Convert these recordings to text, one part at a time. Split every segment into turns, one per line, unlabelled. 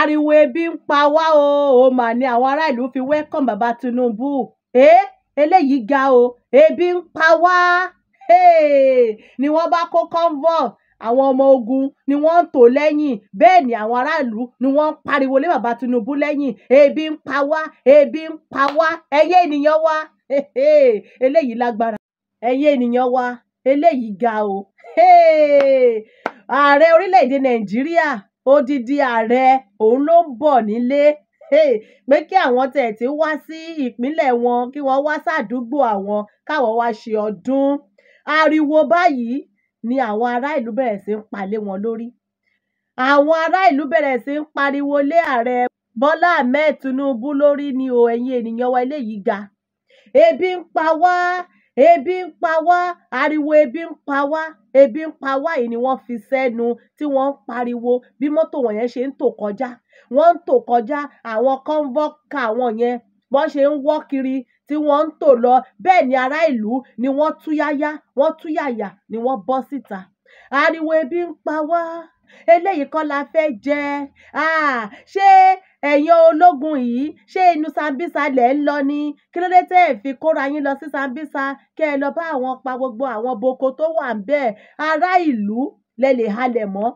ariwo ebi ń pa wá o ò mà ní àwọn ará fi welcome bàbá Tinubu ẹ eléyìí ga o ebi ń pa wá ni wọ́n bá kó convoy àwọn ọmọ ogun ni wọ́n ń tò lẹ́yìn bẹ́ẹ̀ ni àwọn aráàlú ni wọ́n ń pariwo lé bàbá Tinubu lẹ́yìn ebi ń pa wá ebi ń pa wá ẹyẹ ènìyàn wa eléyìí lágbára ẹyẹ ènìyàn wa eléyìí ga o ààrẹ orílẹ̀-èdè Nàìjíríà odidi ààrẹ òun ló ń bọ̀ nílé pé kí àwọn tẹ̀ tí wá sí ìpínlẹ̀ wọn kí wọ́n wá sádùúgbò àwọn káwọn wá ṣe ọdún ariwo báyìí ni àwọn ará ìlú bẹ̀rẹ̀ sí ń palé wọn lórí àwọn ará ìlú bẹ̀rẹ̀ sí ń pariwo lé ààrẹ Bọ́lá Ahmed Tinubu lórí ni o ẹ̀yin ènìyàn wa eléyìí ga ebi ń pa wá ebi ń pa wá ariwo ebi ń pa wá ebi ń pa wá yìí ni wọ́n fi sẹ́nu tí wọ́n ń pariwo bí mọ́tò wọ̀nyẹn ṣe ń tò kọjá wọ́n ń tò kọjá àwọn kọ́ńvọ́kà wọn yẹn bọ́n ṣe ń wọ́ kiri tí wọ́n ń tò lọ bẹ́ẹ̀ ni ará ìlú ni wọ́n túyáyá wọ́n túyàyà ni wọ́n bọ́ síta ariwo ebi ń pa wá eléyìí kọ́ la fẹ́ jẹ ṣé ẹ̀yin ológun yìí ṣé inú Sambisa lẹ̀ ń lọ ni kí ló dé tẹ́ ẹ̀ fi kóra yín lọ sí Sambisa kẹ́ ẹ lọ bá àwọn pa gbogbo àwọn boko tó wà ń bẹ́ẹ̀ ará ìlú lẹ lè halẹ̀ mọ́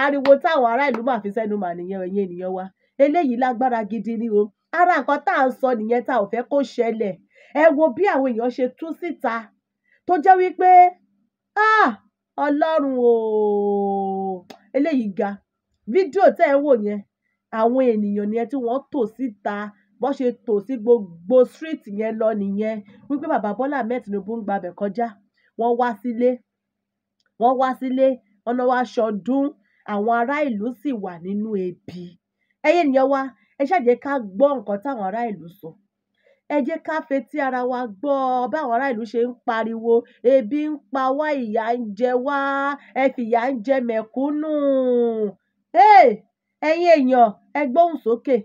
ariwo táwọn ará ìlú mà fi sẹ́nu mà nìyẹn ẹ̀yin ènìyàn wa eléyìí lágbára gidi ni o ara nǹkan tá à ń sọ nìyẹn tá ò fẹ́ kó ṣẹlẹ̀ ẹ wo bí àwọn èèyàn ṣe tú síta tó jẹ́ wípé ah! ọlọ́run o eléyìí ga fídíò tẹ́ ẹ wò yẹn àwọn ènìyàn nìyẹn tí wọ́n tò síta bó ṣe tò sí gbogbo street yẹn lọ nìyẹn wípé bàbá Bọ́lá Ahmed Tinubu ń gba bẹ̀ kọjá wọ́n wá sílé wọ́n wá sílé wọ́n náà ṣọdún àwọn ará ìlú sì wà nínú ebi ẹ̀yin ènìyàn wa ẹ ṣáà jẹ́ ká gbọ́ nǹkan táwọn ará ìlú sọ ẹ jẹ́ ká fetí ara wa gbọ́ báwọn ará ìlú ṣe ń pariwo ebi ń pa wá ìyà ń jẹ wá ẹ fìyà ń jẹ mẹ̀kúnnù. Hey! ẹ̀yin èèyàn ẹ gbóhùn sókè.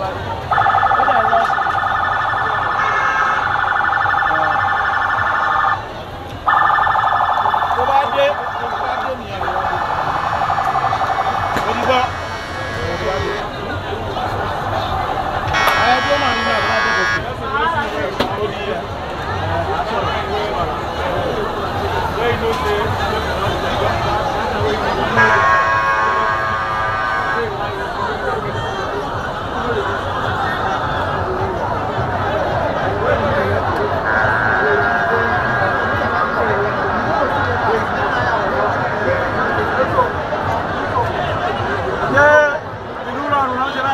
ó wà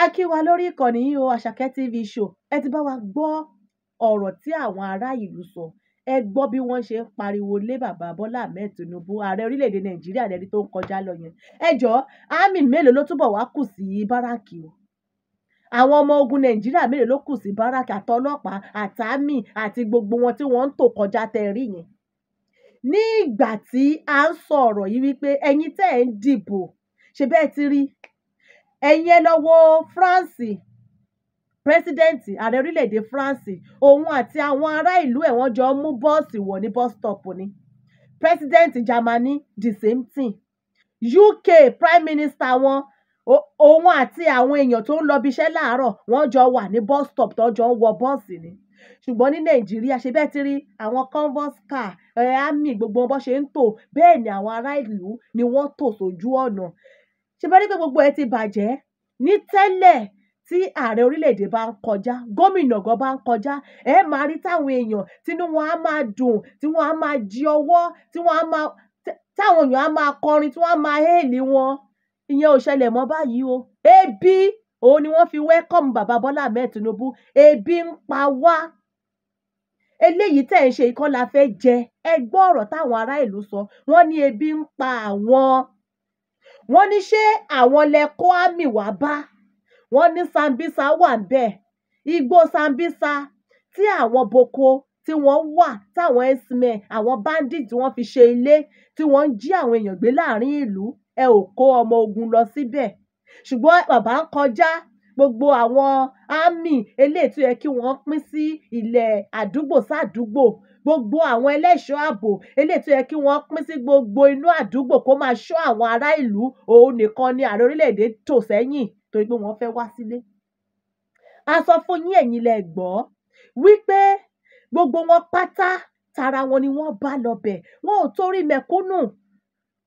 a kí wa lórí ìkànnì yìí o Àṣàkẹ́ TV show ẹ ti bá wa gbọ́ ọ̀rọ̀ tí àwọn ará ìlú sọ ẹ gbọ́ bí wọ́n ṣe ń pariwo lé bàbá Bọ́lá Ahmed Tinubu ààrẹ orílẹ̀-èdè Nàìjíríà lẹ́ni tó ń kọjá lọ yẹn ẹ jọ àmì mélòó ló túbọ̀ wá kù sí báràkì o àwọn ọmọ ogun Nàìjíríà mélòó ló kù sí báràkì àtọlọ́pàá àtàmì àti gbogbo wọn tí wọ́n ń tò kọjá tẹ rí yẹn ní ìgbà tí a ń sọ ọ̀rọ̀ yìí wípé ẹ̀yin tẹ́ ẹ̀ ń dìbò ṣe bẹ́ẹ̀ ti rí ẹ̀yin ẹ wo France pírẹsidẹ́ǹtì ààrẹ orílẹ̀-èdè France òun àti àwọn ará ìlú ẹ̀ wọ́n jọ mú bọ́ọ̀sì wọ̀ ní bus stop ni pírẹsidẹ́ǹtì Germany the same thing UK prime minister wọn òun àti àwọn èèyàn tó ń lọ ibiṣẹ́ láàárọ̀ wọ́n jọ wà ní bus stop tó jọ ń wọ bọ́ọ̀sì ni ṣùgbọ́n ní nàìjíríà ṣe bẹ́ẹ̀ ti rí àwọn convos car eh, army gbogbo bó ṣe ń tò bẹ́ẹ̀ ni àwọn ará ìlú ni wọ́n tò sójú ọ̀nà ṣe bẹ́ẹ̀ rí pé gbogbo ẹ ti bàjẹ́ ní tẹ́lẹ̀ tí ààrẹ orílẹ̀-èdè bá ń kọjá gómìnà gan bá ń kọjá ẹ máa rí táwọn èèyàn tínú wọn á máa dùn tí wọn á máa jí ọwọ́ tí wọn á máa táwọn èèyàn á máa kọrin tí wọn á máa héèlì wọn ìyẹn ò ṣẹlẹ̀ mọ́ báyìí o ebi òun ni wọ́n fi wẹ́kọ̀mù bàbá Bọ́lá Ahmed Tinubu ebi ń pa wá eléyìí tẹ̀ ń ṣe ìkọ́lá fẹ́ jẹ ẹ gbọ́ ọ̀rọ̀ táwọn ará ìlú sọ wọ́n ní ebi ń pa àwọn wọ́n ní ṣé àwọn lẹ kó àmì wá bá wọ́n ní sambisa wà ń bẹ̀ igbó sambisa tí àwọn boko tí wọ́n wà táwọn herdsmen àwọn bandit tí wọ́n fi ṣe ilé tí wọ́n ń jí àwọn èèyàn gbé láàrin ìlú ẹ ò kó ọmọ ogun lọ síbẹ̀ ṣùgbọ́n bàbá ń kọjá gbogbo àwọn àmì eléyìí tó yẹ kí wọ́n pín sí ilẹ̀ àdúgbò sádúgbò gbogbo àwọn ẹlẹ́ṣọ́ ààbò eléyìí tó yẹ kí wọ́n pín sí gbogbo inú àdúgbò kó máa ṣọ́ àwọn ará ìlú òun nìkan ni ààrẹ orílẹ̀-èdè tò sẹ́yìn torí pé wọ́n fẹ́ wá sílé. a sọ fún yín ẹ̀yin lẹ gbọ́ wípé gbogbo wọn pátá tara wọn ni wọ́n bá lọ́bẹ̀ wọn ò torí mẹ̀kúnnù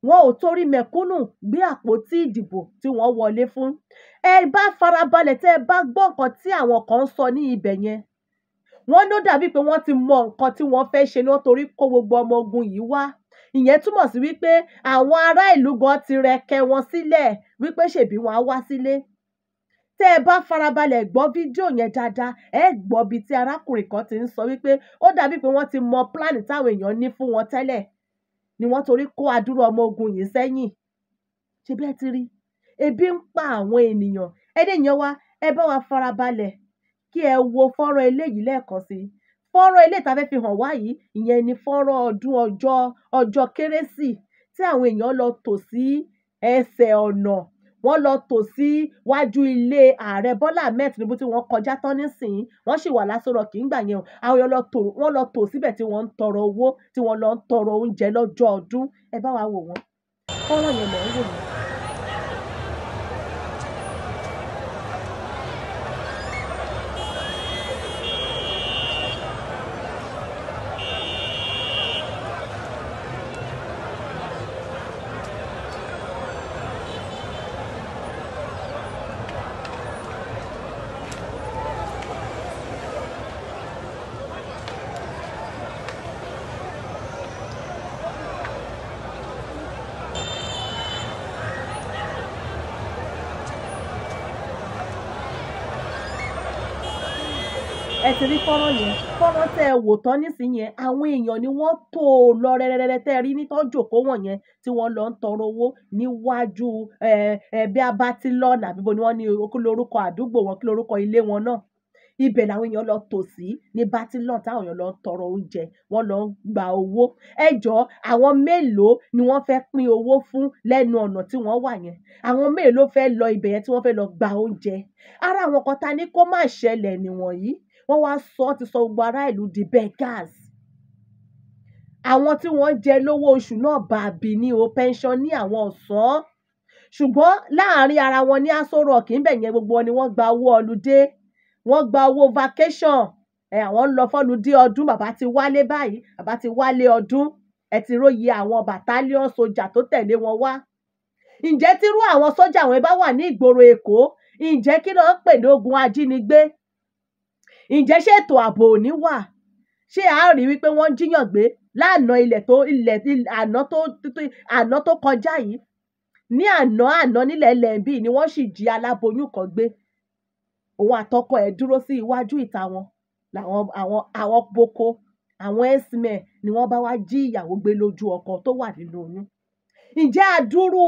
wọn ò torí mẹ̀kúnnù gbé àpótí ìdìbò tí wọ́n wọlé fún. ẹ bá farabalẹ̀ tẹ́ ẹ bá gbọ́ nǹkan tí àwọn kan ń sọ ní ibẹ̀ yẹn wọ́n ló dàbí pé wọ́n ti mọ nǹkan tí wọ́n fẹ́ ṣe náà torí kó gbogbo ọmọ ogun yìí wá ìyẹn túmọ̀ sí wípé àwọn ará ìlú gan ti rẹkẹ wọn sílẹ̀ wípé ṣèbí wọn á wá sílé tẹ́ ẹ bá farabalẹ̀ gbọ́ fídíò yẹn dáadáa ẹ gbọ́ bí tí arákùnrin kan ti ń sọ wípé ó dàbí pé wọ́n ti mọ pílánì táwọn èèyàn ní fún wọn tẹ́lẹ̀ ni wọ́n torí kó adúrú ọmọ ogun yìí sẹ́yìn ṣe bẹ́ẹ̀ ti rí ebi ń pa àwọn ènìyàn ẹdẹ yẹn wá ẹ bá wa farabalẹ̀ kí ẹ wo fọ́nrán eléyìí lẹ́ẹ̀kan sí i fọ́nrán eléyìí tá a fẹ́ fi hàn wá yìí ìyẹn ni fọ́nrán ọdún ọjọ́ ọjọ́ kérésì tí àwọn èèyàn lọ tò sí ẹsẹ̀ ọ̀nà wọ́n lọ tò sí wájú ilé ààrẹ bọ́lá ahmed tinubu tí wọ́n kọjá tán nísìnyí wọ́n sì wà lásán rọ kì í gbà yẹn o àwọn èèyàn lọ tò wọ́n lọ tò síbẹ̀ tí wọ́n ń tọrọ owó tí wọ́n lọ ń tọrọ oúnjẹ lọ́jọ́ ọdún ẹ bá wa wò wọ́n fọ́nrán yẹn lọ ń wò wọ́n. ti rí fọ́nrán yẹn fọ́nrán tẹ́ ẹ wò tán nísìnyẹn àwọn èèyàn ni wọ́n tó o lọ rẹ́rẹ́rẹ́ tẹ́ ẹ rí ní wọ̀nyẹn tí wọ́n lọ ń tọrọ owó níwájú bí a àbíbo ni wọ́n ní kí àdúgbò wọn kí ilé wọn náà ibẹ̀ làwọn èèyàn lọ tò sí ní batilon táwọn èèyàn lọ ń tọrọ oúnjẹ wọ́n lọ ń gba owó ẹjọ́ àwọn mélòó ni wọ́n fẹ́ pín owó fún lẹ́nu ọ̀nà tí wọ́n wà yẹn àwọn mélòó fẹ́ lọ ibẹ̀ yẹn tí wọ́n fẹ́ lọ gba oúnjẹ ara àwọn kan ta ní kó má ṣẹlẹ̀ nìwọ̀nyí wọ́n wá sọ ti sọ gbogbo ará ìlú di beggars àwọn tí wọ́n ń jẹ lówó oṣù náà bàbí ni o pension ní àwọn ọ̀sán ṣùgbọ́n láàárín ara wọn ní Aso Rock ńbẹ̀ yẹn gbogbo ni wọ́n gba owó ọlùdé wọ́n gba owó vacation ẹ àwọn ń lọ fọ́lùdé ọdún bàbá ti wálé báyìí bàbá ti wálé ọdún ẹ ti róye àwọn bàtálíọ̀n sójà tó tẹ̀lé wọn wá ǹjẹ́ tírú àwọn sójà wọn bá wà ní ìgboro Èkó ǹjẹ́ kí ló ń pè ní ogun ajínigbé ǹjẹ́ ṣé ètò ààbò ò ní wà ṣé a rí wípé wọ́n jíyàn gbé lánàá ilẹ̀ tó ilẹ̀ àná tó àná tó kọjá yìí ní àná àná nílẹ̀ lẹ́ńbì ni wọ́n sì jí aláboyún kan gbé òun àtọkọ ẹ̀ dúró sí iwájú ìta wọn làwọn àwọn boko àwọn xmen ni wọ́n bá wá jí ìyàwó gbé lójú ọkọ tó wà nínú oyún ǹjẹ́ àdúrú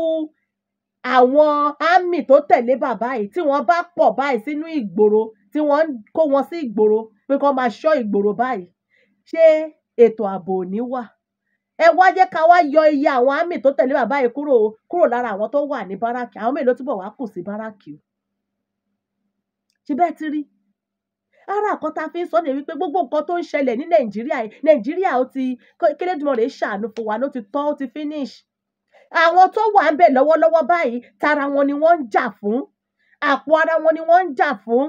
àwọn àmì tó tẹ̀lé bàbá yìí tí wọ́n bá pọ̀ báyìí sínú ìgboro tí wọ́n ń kó wọn sí ìgboro pé kí wọ́n máa ṣọ́ ìgboro báyìí ṣé ètò ààbò ò ní wà ẹ wá jẹ́ ká wá yọ iye àwọn àmì tó tẹ̀lé bàbá yìí kúrò kúrò lára àwọn tó wà ní báràkì àwọn mélòó túbọ̀ wá kù sí báràkì o ṣe bẹ́ẹ̀ ti rí ara àkọ́ ta fi ń sọ ni wípé gbogbo nǹkan tó ń ṣẹlẹ̀ ní nàìjíríà nàìjíríà ó ti kérédìmọ̀rẹ́ ṣàánú fún wa ló ti tán ó ti finish àwọn tó wà ń bẹ̀ lọ́wọ́lọ́wọ́ báyìí tara wọn ni wọ́n ń jà fún àpò ara wọn ni wọ́n ń jà fún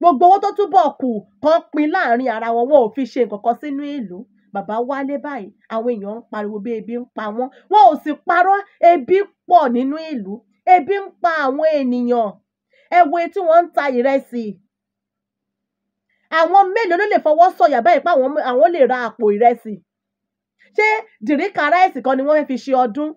gbogbo owó tó túbọ̀ kù kan pín láàrin ara wọn wọn ò fi ṣe nǹkan kan sínú ìlú bàbá wálé báyìí àwọn èèyàn ń pariwo bí ebi ń pa wọ́n wọn ò sì parọ́ ebi pọ̀ nínú ìlú ebi ń pa àwọn ènìyàn ẹ wo tí wọ́n ń ta ìrẹsì àwọn mélòó ló lè fọwọ́ sọ̀yà báyìí pé àwọn lè ra àpò ìrẹsì ṣé dìríkà ráìsì kan ni wọ́n fẹ́ fi ṣe ọdún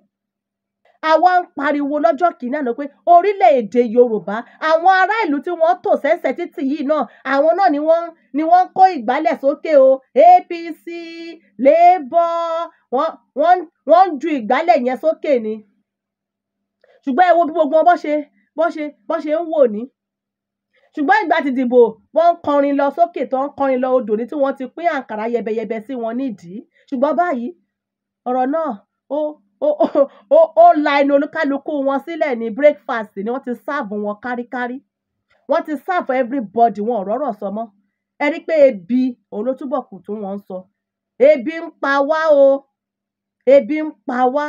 àwa ń pariwo lọ́jọ́ kìíní àná pé orílẹ̀-èdè Yorùbá àwọn ará ìlú tí wọ́n tò sẹ́sẹ̀ títì yìí náà àwọn náà ni wọ́n ni wọ́n ń kó ìgbálẹ̀ sókè o APC Labour wọ́n wọ́n ń ju ìgbálẹ̀ yẹn sókè ni ṣùgbọ́n ẹ wo bí gbogbo wọn bọ́ ṣe bọ́ ṣe bọ́ ṣe ń wò ní ṣùgbọ́n ìgbà tí dìbò wọ́n ń kọrin lọ sókè tó ń kọrin lọ odò ní tí wọ́n ti pín àǹkàrá yẹbẹyẹbẹ sí wọn nídìí ṣùgbọ́n báyìí ọ̀rọ̀ náà ó ó la ẹnu oníkálukú wọn sílẹ̀ ní breakfast ni wọ́n ti sáàbù wọn káríkárí wọ́n ti sáàbù everybody wọn ọ̀rọ̀rọ̀ sọ mọ́ ẹ rí pé ebi òun ló túbọ̀ kù tún wọn sọ ebi ń pa wá o ebi ń pa wá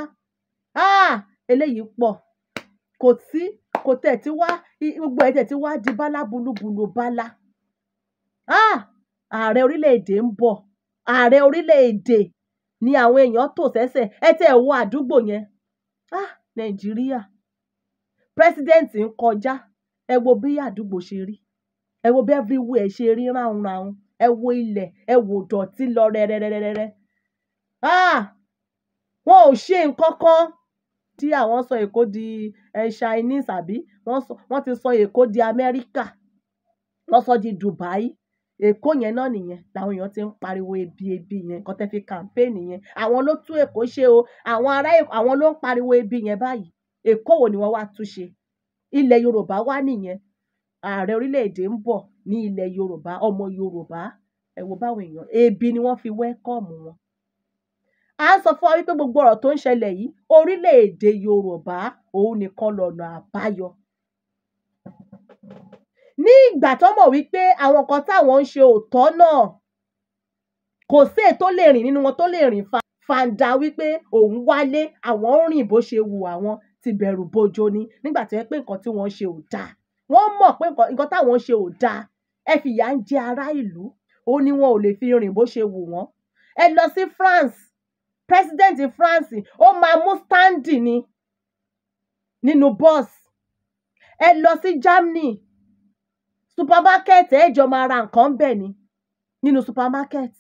ah eléyìí pọ̀ kò tí kò tẹ̀ tí wá gbogbo ẹ̀ tẹ̀ tí wá di bálá bulubulu bálá ah ààrẹ orílẹ̀-èdè ń bọ̀ ààrẹ orílẹ̀-èdè ni àwọn èèyàn tò sẹ́sẹ̀ ẹ tẹ́ ẹ wo àdúgbò yẹn ah nàìjíríà president ń kọjá ẹ wo bí àdúgbò ṣe rí ẹ wo bí everywhere ṣe rí ráhùnráhùn ẹ wo ilẹ̀ ẹ wo dọ̀tí lọ rẹ́rẹ́rẹ́rẹ́rẹ́ ah wọn ò ṣe nǹkan kan tí àwọn sọ èkó di eh, chinese àbí wọ́n ti sọ èkó di america wọ́n sọ di dubai Èkó yẹn náà nìyẹn làwọn èèyàn ti ń pariwo ebi ebi yẹn, nǹkan tẹ fi campaign yẹn. Àwọn ló tú Èkó ṣe o. Àwọn ará Èkó, àwọn ló ń pariwo ebi yẹn báyìí. Èkó wo ni wọ́n wá tú ṣe? Ilẹ̀ Yorùbá wà nìyẹn. Ààrẹ orílẹ̀-èdè ń bọ̀ ní ilẹ̀ Yorùbá, ọmọ Yorùbá. Ẹ wo báwọn èèyàn, ebi ni wọ́n fi welcome wọn. A ń sọ fún wa wípé gbogbo ọ̀rọ̀ tó ń ṣẹlẹ̀ yìí, orílẹ̀-èdè Yorùbá òun nìkan lọ̀nà àbáyọ ní ìgbà tán mọ̀ wípé àwọn nǹkan táwọn ń ṣe ò tọ̀nà kò sí èyí tó lè rìn nínú wọn tó lè rìn fàǹdà wípé òun wálé àwọn ń rìn bó ṣe wù àwọn ti bẹ̀rù bojo ni nígbà tó yẹ pé nǹkan tí wọ́n ṣe ò dáa wọ́n mọ̀ pé nǹkan táwọn ṣe ò dáa ẹ fìyà ń jẹ ará ìlú ó ní wọn ò lè fi rìn bó ṣe wù wọ́n ẹ lọ sí France president France ó máa mú standing ni nínú bus ẹ lọ sí Germany supermarket ẹ jọ máa ra nǹkan bẹ̀ ni nínú supermarket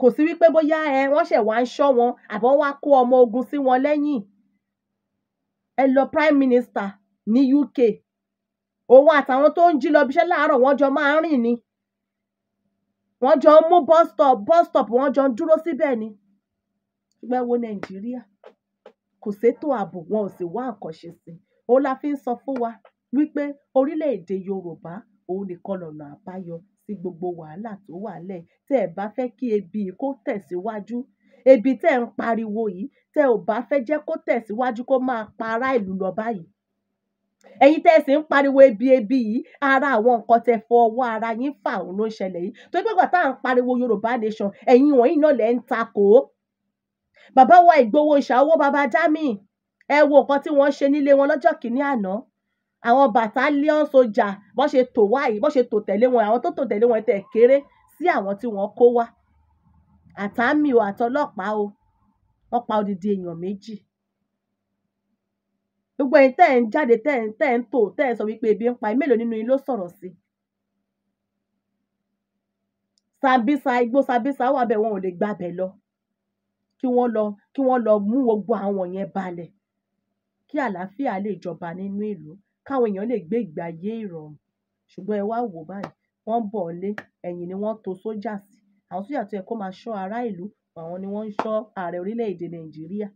kò sí wípé bóyá ẹ wọ́n ṣẹ̀ wá ń ṣọ́ wọn àbọ̀ wá kó ọmọ ogun sí wọn lẹ́yìn ẹ lọ prime minister ní UK òun àtàwọn tó ń jí lọ ibiṣẹ́ láàárọ̀ wọ́n jọ máa ń rìn ni wọ́n jọ ń mú bus stop bus stop wọ́n jọ ń dúró síbẹ̀ ni ṣùgbọ́n wo Nàìjíríà kò sétò ààbò wọn ò sì wá nǹkan ṣe sí i òun la fi ń sọ fún wa wípé orílẹ̀-èdè Yorùbá òun nìkan lọ̀nà àbáyọ sí gbogbo wàhálà tó wà lẹ̀. Tẹ́ ẹ bá fẹ́ kí ebi yìí kó tẹ̀síwájú, ebi tẹ́ ẹ ń pariwo yìí, tẹ ò bá fẹ́ jẹ́ kó tẹ̀síwájú kó máa pa ìlú lọ báyìí. Ẹ̀yin tẹ́ ẹ sì ń pariwo ebi ebi yìí, ara àwọn nǹkan tẹ fọwọ́ ara yín fà òun ló ń ṣẹlẹ̀ yìí. Torí pé tá à ń pariwo Yorùbá nation, ẹ̀yin wọ̀nyí náà lẹ̀ ń takò ó. Bàbá wa Ìgbòho Òòṣà owó baba Jamiu, ẹ wo nǹkan tí wọ́n ṣe nílé wọn lọ́jọ́ kìíní àná àwọn battalion soldier bọ́n ṣe tò wá yìí bọ́n ṣe tò tẹ̀lé wọn àwọn tó tò tẹ̀lé wọn tẹ̀ kéré sí àwọn tí wọ́n kó wá àtàmì o àtọlọ́pàá o wọ́n pa odidi èèyàn méjì gbogbo ẹ̀yin tẹ́ ẹ̀ ń jáde tẹ́ ẹ̀ ń tẹ́ ẹ̀ ń tò tẹ́ ẹ̀ sọ wípé ebi ń pa mélòó nínú yín ló sọ̀rọ̀ sí sàbísà igbó sàbísà wà bẹ́ẹ̀ wọn ò lè gbàbẹ̀ lọ kí wọ́n lọ kí wọ́n lọ mú gbogbo àwọn yẹn balẹ̀ kí àlàáfíà lè jọba nínú ìlú káwọn èèyàn lè gbé ìgbé ayé ìrọ̀rùn ṣùgbọ́n ẹ wá wò báyìí wọ́n ń bọ̀ ọ́lé ẹ̀yìn ni wọ́n to sójà sí àwọn sójà tó yẹ kó máa ṣọ́ ará ìlú àwọn ni wọ́n ń ṣọ́ ààrẹ orílẹ̀-èdè nàìjíríà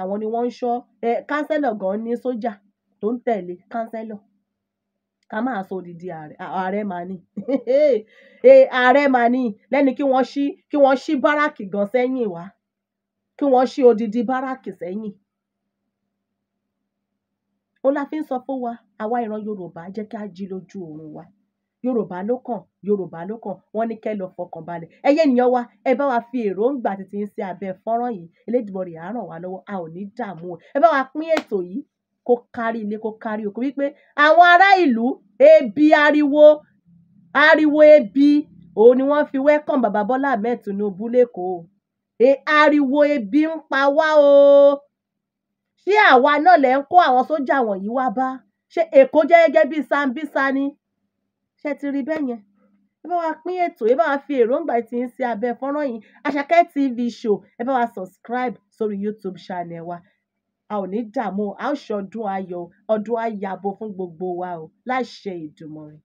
àwọn ni wọ́n ń ṣọ́ ẹ kánsẹ́lọ̀ gan ní sójà tó ń tẹ̀lé kánsẹ́lọ̀ ká máa sọ odidi ààrẹ ààrẹ máa ní ààrẹ máa ní lẹ́ni kí wọ́n ṣí kí wọ́n ṣí báràkì gan sẹ́yìn wá kí wọ́n ṣí odidi báràkì sẹ́yìn ó la ń sọ fún wa àwa ìran Yorùbá jẹ́ kí a jí lójú oorun wa Yorùbá ló kàn Yorùbá ló kàn wọ́n ní kẹ́ lọ fọkàn balẹ̀ ẹyẹ ènìyàn wa ẹ bá wa fi èròǹgbà titi yín sí abẹ́ fọ́nrán yìí Elédùmarè á ràn wá lọ́wọ́ a ò ní dààmú o ẹ bá wa pín ètò yìí kó kárí ilé kó kárí oko wípé àwọn ará ìlú ebi ariwo ariwo ebi òun ni wọ́n fi wẹ́kàn bàbá Bọ́lá Ahmed Tinubu lẹ́kọ̀ọ́ e ariwo ebi ń pa wá o ṣé àwa náà lẹ ń kó àwọn sójà wọ̀nyí wá bá ṣé èkó jẹ́ gẹ́gẹ́ bíi sambisa ni ṣé ti rí bẹ́ẹ̀ yẹn ẹ bá wa pín ètò ẹ bá wa fi èròǹgbà tí ń ṣe abẹ́ fọ́nrán yìí Àṣàkẹ́ TV show ẹ bá wa subscribe sórí YouTube channel wa a ò ní dààmú a ó ṣọdún ayọ̀ ọdún ayàbò fún gbogbo wa o láṣẹ Èdùmàrè.